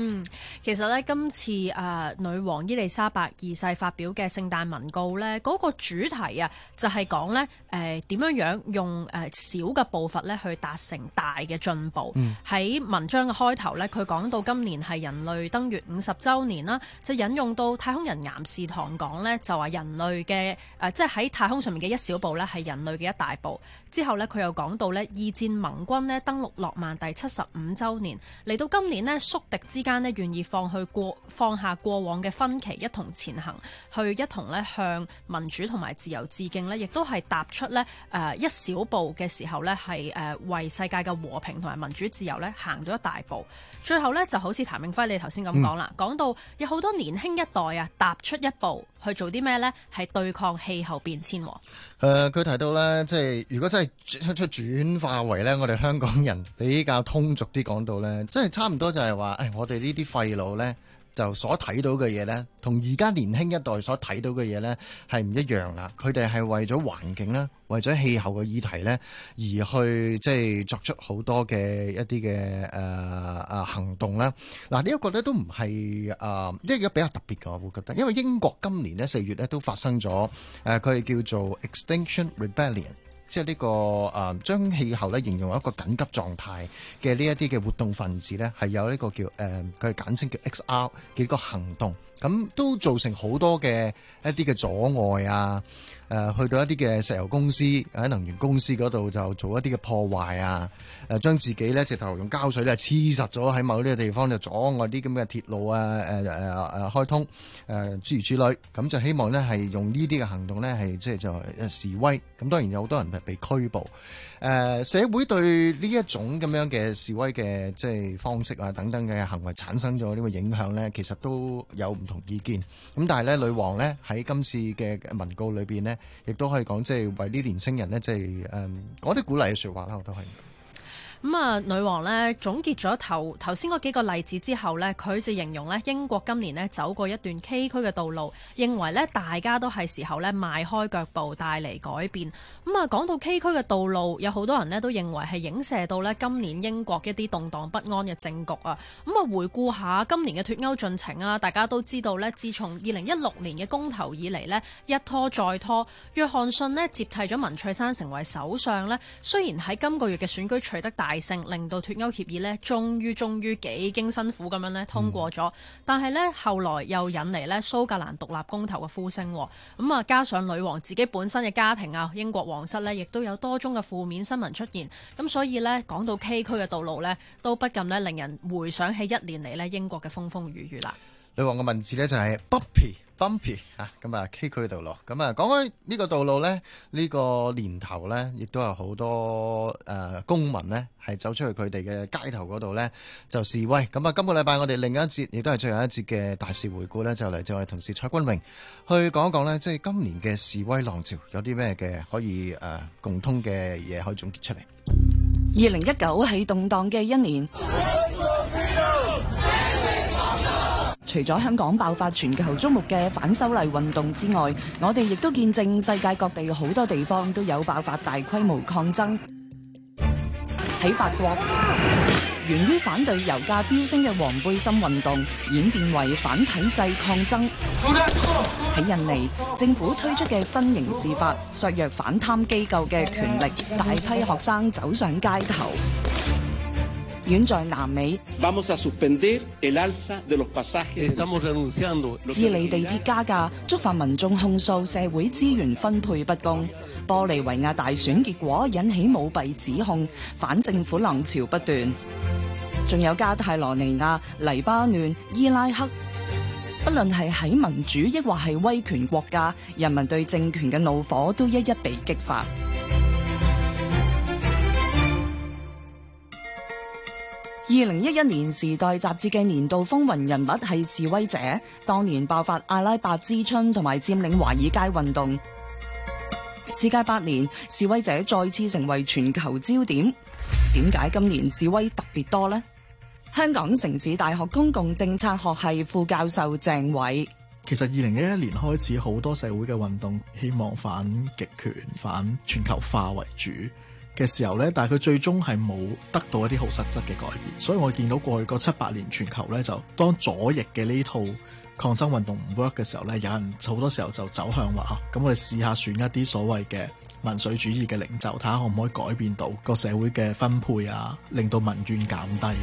嗯，其實咧今次誒、呃、女王伊麗莎白二世發表嘅聖誕文告咧，嗰、那個主題啊，就係講咧，誒點樣樣用誒小嘅步伐咧去達成大嘅進步。喺、嗯、文章嘅開頭咧，佢講到今年係人類登月五十周年啦，就引用到太空人岩士堂講咧，就話人類嘅誒即係喺太空上面嘅一小步咧，係人類嘅一大步。之後咧佢又講到咧二戰盟軍咧登陸諾曼第七十五周年，嚟到今年咧宿敵之。間願意放去過放下過往嘅分歧，一同前行，去一同咧向民主同埋自由致敬咧，亦都係踏出誒、呃、一小步嘅時候咧，係誒、呃、為世界嘅和平同埋民主自由咧行咗一大步。最後呢，就好似譚永輝你頭先咁講啦，講、嗯、到有好多年輕一代啊踏出一步。去做啲咩咧？係對抗氣候變遷，哦。誒、呃，佢提到咧，即係如果真係出出轉化為咧，我哋香港人比較通俗啲講到咧，即係差唔多就係話，誒、哎，我哋呢啲廢老咧。就所睇到嘅嘢咧，同而家年輕一代所睇到嘅嘢咧，係唔一樣啦。佢哋係為咗環境啦，為咗氣候嘅議題咧，而去即係作出好多嘅一啲嘅、呃啊、行動啦。嗱、啊，呢、這、一個咧都唔係誒，即、呃、係、這個、比較特別嘅，我覺得，因為英國今年咧四月咧都發生咗誒，佢、呃、哋叫做 Extinction Rebellion。即係呢個誒將氣候咧形容為一個緊急狀態嘅呢一啲嘅活動分子咧，係有呢個叫誒佢哋簡稱叫 XR 嘅呢個行動，咁都造成好多嘅一啲嘅阻礙啊。誒去到一啲嘅石油公司喺能源公司嗰度就做一啲嘅破壞啊，誒將自己咧直頭用膠水咧黐實咗喺某啲嘅地方就阻礙啲咁嘅鐵路啊，誒誒誒開通誒、啊、諸如此類，咁就希望咧係用呢啲嘅行動咧係即係就示威，咁當然有好多人係被拘捕。誒，社會對呢一種咁樣嘅示威嘅即係方式啊等等嘅行為產生咗呢個影響咧，其實都有唔同意見。咁但係咧，女王咧喺今次嘅文告裏邊咧，亦都可以講即係為啲年青人咧即係誒講啲鼓勵嘅説話啦，我都係。咁啊、嗯，女王咧總結咗頭頭先嗰幾個例子之後咧，佢就形容咧英國今年咧走過一段崎嶇嘅道路，認為咧大家都係時候咧邁開腳步帶嚟改變。咁、嗯、啊，講到崎嶇嘅道路，有好多人咧都認為係影射到咧今年英國一啲動盪不安嘅政局啊。咁、嗯、啊，回顧一下今年嘅脱歐進程啊，大家都知道咧，自從二零一六年嘅公投以嚟咧一拖再拖，約翰遜咧接替咗文翠珊成為首相咧，雖然喺今個月嘅選舉取得大大勝令到脱歐協議咧，終於終於幾經辛苦咁樣咧通過咗，嗯、但係咧後來又引嚟咧蘇格蘭獨立公投嘅呼聲，咁啊加上女王自己本身嘅家庭啊，英國皇室呢亦都有多宗嘅負面新聞出現，咁所以呢，講到崎嶇嘅道路呢，都不禁咧令人回想起一年嚟呢英國嘅風風雨雨啦。女王嘅文字呢，就係 Bumpy。Bumpy 吓，咁啊崎嶇道路。咁啊，講開呢個道路咧，呢、這個年頭咧，亦都有好多誒、呃、公民咧，係走出去佢哋嘅街頭嗰度咧就示威。咁、嗯、啊，今個禮拜我哋另一節亦都係最後一節嘅大事回顧咧，就嚟就係同事蔡君榮去講一講咧，即、就、係、是、今年嘅示威浪潮有啲咩嘅可以誒、呃、共通嘅嘢可以總結出嚟。二零一九係動盪嘅一年。 除咗香港爆發全球矚目嘅反修例運動之外，我哋亦都見證世界各地好多地方都有爆發大規模抗爭。喺法國，源於反對油價飆升嘅黃背心運動演變為反體制抗爭；喺印尼，政府推出嘅新刑事法削弱反貪機構嘅權力，大批學生走上街頭。遠在南美，智利地鐵加價觸發民眾控訴社會資源分配不公。玻利維亞大選結果引起舞弊指控，反政府浪潮不斷。仲有加泰羅尼亞、黎巴嫩、伊拉克，不論係喺民主抑或係威權國家，人民對政權嘅怒火都一一被激發。二零一一年《時代》雜誌嘅年度風雲人物係示威者，當年爆發阿拉伯之春同埋佔領華爾街運動。事隔八年，示威者再次成為全球焦點。點解今年示威特別多呢？香港城市大學公共政策學系副教授鄭偉，其實二零一一年開始，好多社會嘅運動希望反極權、反全球化為主。嘅時候呢，但係佢最終係冇得到一啲好實質嘅改變，所以我見到過去嗰七八年全球呢，就當左翼嘅呢套抗爭運動唔 work 嘅時候呢，有人好多時候就走向話咁、啊、我哋試下選一啲所謂嘅民粹主義嘅領袖，睇下可唔可以改變到個社會嘅分配啊，令到民怨減低啊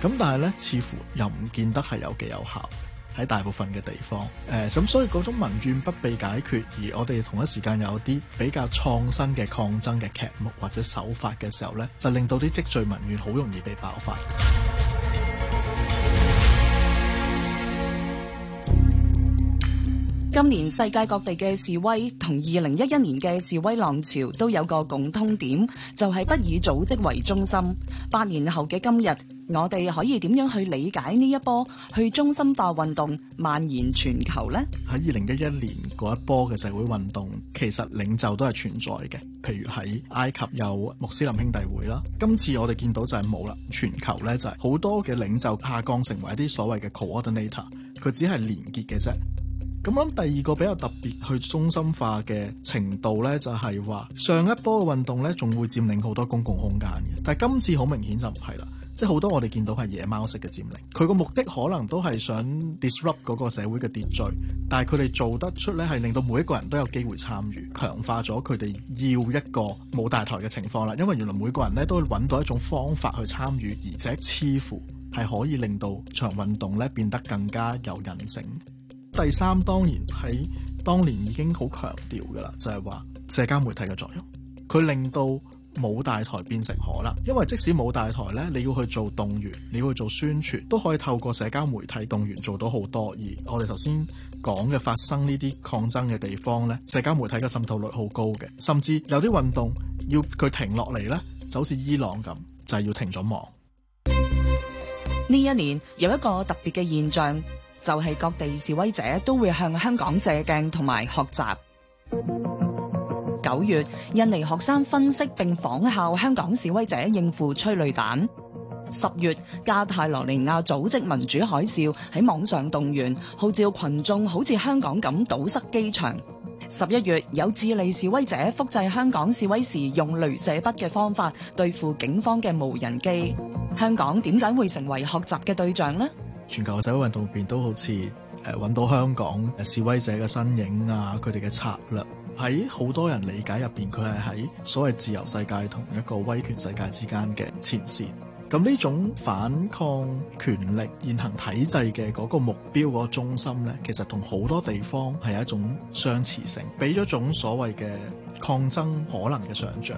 咁樣。咁但係呢，似乎又唔見得係有幾有效。喺大部分嘅地方，誒咁，所以嗰種民怨不被解決，而我哋同一時間有啲比較創新嘅抗爭嘅劇目或者手法嘅時候呢，就令到啲積聚民怨好容易被爆發。今年世界各地嘅示威同二零一一年嘅示威浪潮都有個共通點，就係不以組織為中心。八年後嘅今日，我哋可以點樣去理解呢一波去中心化運動蔓延全球咧？喺二零一一年嗰一波嘅社會運動，其實領袖都係存在嘅，譬如喺埃及有穆斯林兄弟會啦。今次我哋見到就係冇啦，全球咧就係好多嘅領袖下降成為一啲所謂嘅 coordinator，佢只係連結嘅啫。咁第二個比較特別去中心化嘅程度呢，就係話上一波嘅運動呢，仲會佔領好多公共空間嘅。但係今次好明顯就唔係啦，即係好多我哋見到係野貓式嘅佔領，佢個目的可能都係想 disrupt 嗰個社會嘅秩序，但係佢哋做得出呢，係令到每一個人都有機會參與，強化咗佢哋要一個冇大台嘅情況啦。因為原來每個人呢，都揾到一種方法去參與，而且似乎係可以令到場運動呢，變得更加有韌性。第三，當然喺當年已經好強調嘅啦，就係話社交媒體嘅作用，佢令到冇大台變成可能。因為即使冇大台呢，你要去做動員，你要去做宣傳，都可以透過社交媒體動員做到好多。而我哋頭先講嘅發生呢啲抗爭嘅地方呢，社交媒體嘅滲透率好高嘅，甚至有啲運動要佢停落嚟呢，就好似伊朗咁，就係要停咗網。呢一年有一個特別嘅現象。就係各地示威者都會向香港借鏡同埋學習。九月，印尼學生分析並仿效香港示威者應付催淚彈。十月，加泰羅尼亞組織民主海嘯喺網上動員，號召群眾好似香港咁堵塞機場。十一月，有智利示威者複製香港示威時用鐳射筆嘅方法對付警方嘅無人機。香港點解會成為學習嘅對象呢？全球社會運動入面都好似誒揾到香港示威者嘅身影啊，佢哋嘅策略喺好多人理解入面，佢係喺所謂自由世界同一個威權世界之間嘅前線。咁呢種反抗權力現行體制嘅嗰個目標嗰個中心呢，其實同好多地方係一種相似性，俾咗種所謂嘅抗爭可能嘅想像。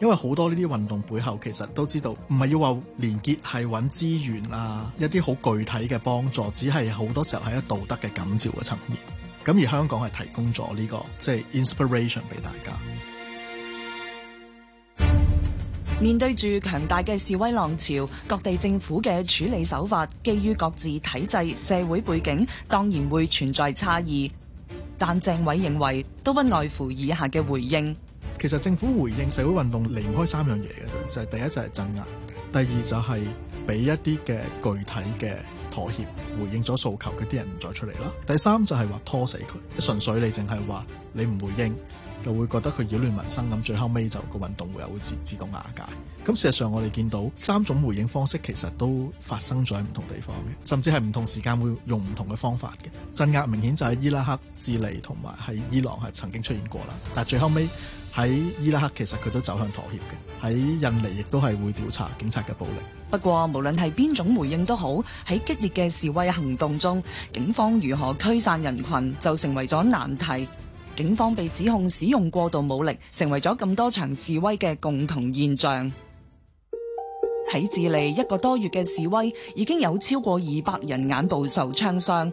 因為好多呢啲運動背後，其實都知道，唔係要話連結係揾資源啊，一啲好具體嘅幫助，只係好多時候係一道德嘅感召嘅層面。咁而香港係提供咗呢、這個即係、就是、inspiration 俾大家。面對住強大嘅示威浪潮，各地政府嘅處理手法，基於各自體制、社會背景，當然會存在差異。但鄭偉認為，都不外乎以下嘅回應。其實政府回應社會運動，離唔開三樣嘢嘅，就係第一就係鎮壓，第二就係俾一啲嘅具體嘅妥協，回應咗訴求嗰啲人唔再出嚟啦。第三就係話拖死佢，純粹你淨係話你唔回應，就會覺得佢擾亂民生咁，最後尾就個運動會又會自自動瓦解。咁事實上我們，我哋見到三種回應方式其實都發生咗唔同地方嘅，甚至係唔同時間會用唔同嘅方法嘅鎮壓。鎮壓明顯就係伊拉克、智利同埋係伊朗係曾經出現過啦，但係最後尾。喺伊拉克，其實佢都走向妥協嘅；喺印尼，亦都係會調查警察嘅暴力。不過，無論係邊種回應都好，喺激烈嘅示威行動中，警方如何驅散人群就成為咗難題。警方被指控使用過度武力，成為咗咁多場示威嘅共同現象。喺智利，一個多月嘅示威已經有超過二百人眼部受槍傷。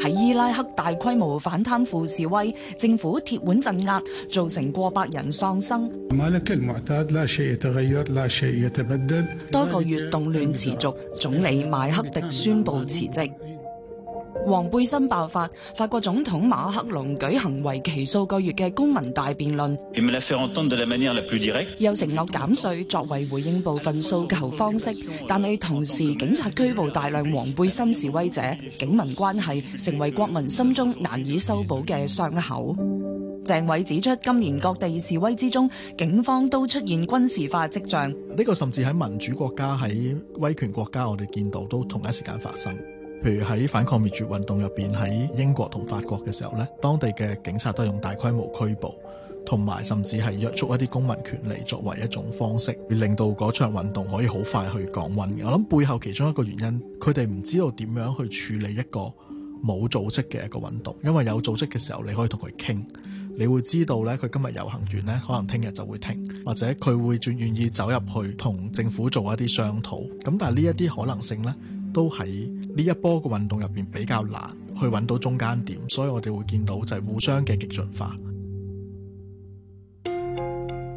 喺伊拉克大規模反貪腐示威，政府鐵腕鎮壓，造成過百人喪生。多個月動亂持續，總理邁克迪宣布辭職。黃背心爆發，法國總統馬克龍舉行為期數個月嘅公民大辯論，又承諾減稅作為回應部分訴求方式，但係同時警察拘捕大量黃背心示威者，警民關係成為國民心中難以修補嘅傷口。鄭偉指出，今年各地示威之中，警方都出現軍事化跡象，呢個甚至喺民主國家、喺威權國家，我哋見到都同一時間發生。譬如喺反抗滅絕運動入邊，喺英國同法國嘅時候呢，當地嘅警察都用大規模拘捕，同埋甚至係約束一啲公民權利作為一種方式，令到嗰場運動可以好快去降溫。我諗背後其中一個原因，佢哋唔知道點樣去處理一個冇組織嘅一個運動，因為有組織嘅時候，你可以同佢傾，你會知道呢，佢今日遊行完呢，可能聽日就會停，或者佢會轉願意走入去同政府做一啲商討。咁但係呢一啲可能性呢，嗯都喺呢一波嘅運動入邊比較難去揾到中間點，所以我哋會見到就係互相嘅激進化。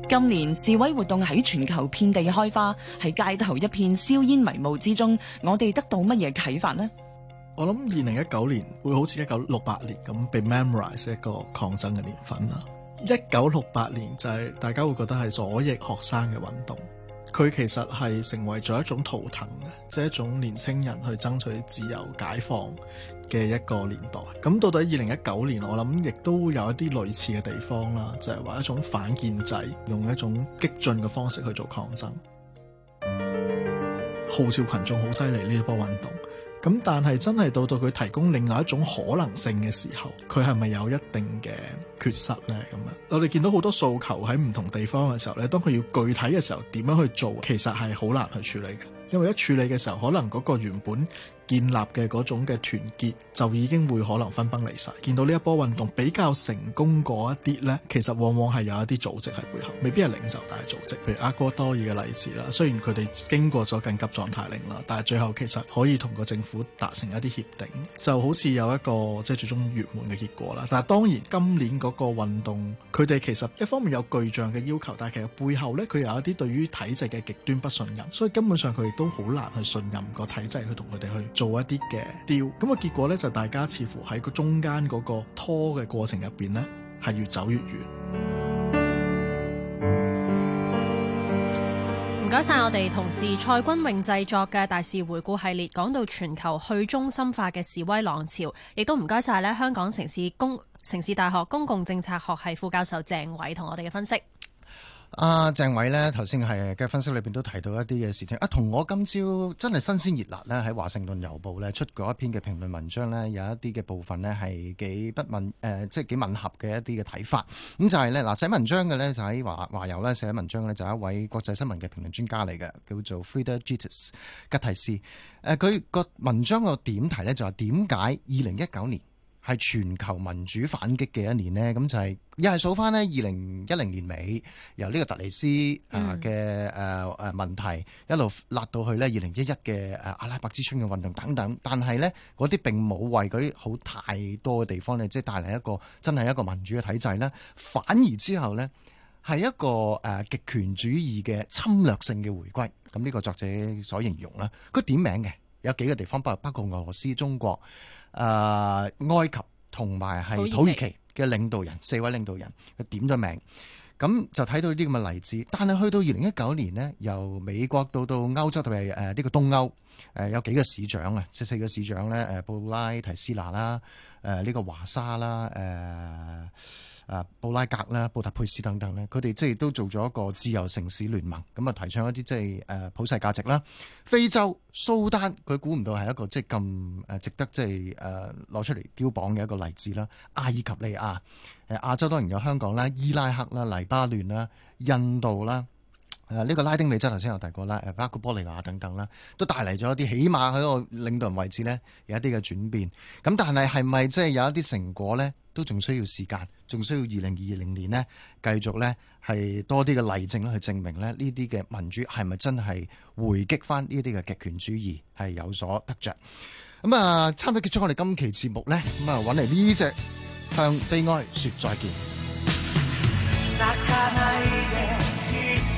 今年示威活動喺全球遍地開花，喺街頭一片硝煙迷霧之中，我哋得到乜嘢啟發呢？我諗二零一九年會好似一九六八年咁被 memorize 一個抗爭嘅年份啦。一九六八年就係、是、大家會覺得係左翼學生嘅運動。佢其實係成為咗一種圖騰嘅，即係一種年青人去爭取自由解放嘅一個年代。咁到底二零一九年，我諗亦都有一啲類似嘅地方啦，就係話一種反建制，用一種激進嘅方式去做抗爭，號召群眾好犀利呢一波運動。咁但係真係到到佢提供另外一種可能性嘅時候，佢係咪有一定嘅缺失呢？咁樣，我哋見到好多訴求喺唔同地方嘅時候呢，當佢要具體嘅時候，點樣去做，其實係好難去處理嘅，因為一處理嘅時候，可能嗰個原本建立嘅嗰種嘅團結，就已經會可能分崩離析。見到呢一波運動比較成功嗰一啲呢，其實往往係有一啲組織喺背後，未必係領袖，但係組織。譬如阿哥多爾嘅例子啦，雖然佢哋經過咗緊急狀態令啦，但係最後其實可以同個政府達成一啲協定，就好似有一個即係、就是、最終圓滿嘅結果啦。但係當然今年嗰個運動，佢哋其實一方面有具象嘅要求，但係其實背後呢，佢有一啲對於體制嘅極端不信任，所以根本上佢哋都好難去信任個體制他跟他們去同佢哋去。做一啲嘅雕咁嘅結果咧，就大家似乎喺個中間嗰個拖嘅過程入邊咧，係越走越遠。唔該晒我哋同事蔡君榮製作嘅大事回顧系列，講到全球去中心化嘅示威浪潮，亦都唔該晒咧香港城市公城市大學公共政策學系副教授鄭偉同我哋嘅分析。阿、啊、鄭偉呢，頭先係嘅分析裏邊都提到一啲嘅事情。啊，同我今朝真係新鮮熱辣呢，喺華盛頓郵報呢出過一篇嘅評論文章呢有一啲嘅部分呢係幾不吻誒、呃，即係幾吻合嘅一啲嘅睇法。咁就係呢，嗱寫文章嘅呢，就喺華華郵呢寫文章呢，就一位國際新聞嘅評論專家嚟嘅，叫做 Frieda、er、Gitis 吉提斯。誒、呃，佢個文章個點題呢，就係點解二零一九年？係全球民主反擊嘅一年呢，咁就係、是、又係數返呢。二零一零年尾由呢個突尼斯啊嘅誒誒問題、嗯、一路辣到去呢二零一一嘅誒阿拉伯之春嘅運動等等，但係呢，嗰啲並冇為啲好太多嘅地方咧，即、就、係、是、帶嚟一個真係一個民主嘅體制咧，反而之後呢，係一個誒極權主義嘅侵略性嘅回歸，咁呢個作者所形容啦，佢點名嘅有幾個地方包包括俄羅斯、中國。誒、呃、埃及同埋係土耳其嘅領導人，四位領導人佢點咗名，咁就睇到呢啲咁嘅例子。但係去到二零一九年呢，由美國到到歐洲，特別係呢個東歐誒有幾個市長啊，即係四個市長咧誒，布拉提斯拿啦。誒呢、呃這個華沙啦，誒、呃、啊布拉格啦，布達佩斯等等咧，佢哋即係都做咗一個自由城市聯盟，咁啊提倡一啲即係誒普世價值啦。非洲蘇丹佢估唔到係一個即係咁誒值得即係誒攞出嚟標榜嘅一個例子啦。阿爾及利亞誒亞洲當然有香港啦、伊拉克啦、黎巴嫩啦、印度啦。呢個拉丁美洲頭先我提過啦，厄瓜多玻利亞等等啦，都帶嚟咗一啲，起碼喺個領導人位置呢，有一啲嘅轉變。咁但係係咪即係有一啲成果呢？都仲需要時間，仲需要二零二零年呢，繼續呢，係多啲嘅例證去證明呢呢啲嘅民主係咪真係回擊翻呢啲嘅極權主義係有所得着。咁啊，差唔多結束我哋今期節目呢，咁啊，揾嚟呢隻向悲哀說再見。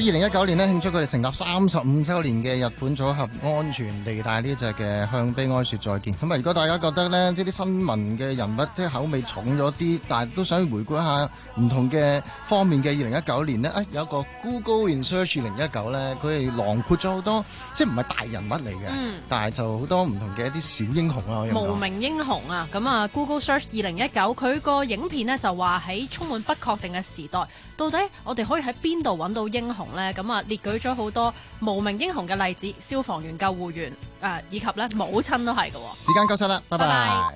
二零一九年呢，慶祝佢哋成立三十五週年嘅日本組合安全地帶呢隻嘅向悲哀説再見。咁啊，如果大家覺得呢呢啲新聞嘅人物即係口味重咗啲，但係都想回顧一下唔同嘅方面嘅二零一九年呢、哎，有一個 Google in Search 二零一九咧，佢係囊括咗好多，即係唔係大人物嚟嘅，嗯、但係就好多唔同嘅一啲小英雄啊，無名英雄啊。咁啊，Google Search 二零一九佢個影片呢就話喺充滿不確定嘅時代，到底我哋可以喺邊度揾到英雄？咧咁啊，列舉咗好多無名英雄嘅例子，消防員、救護員，誒、呃，以及咧母親都係㗎。時間夠晒啦，拜拜。拜拜。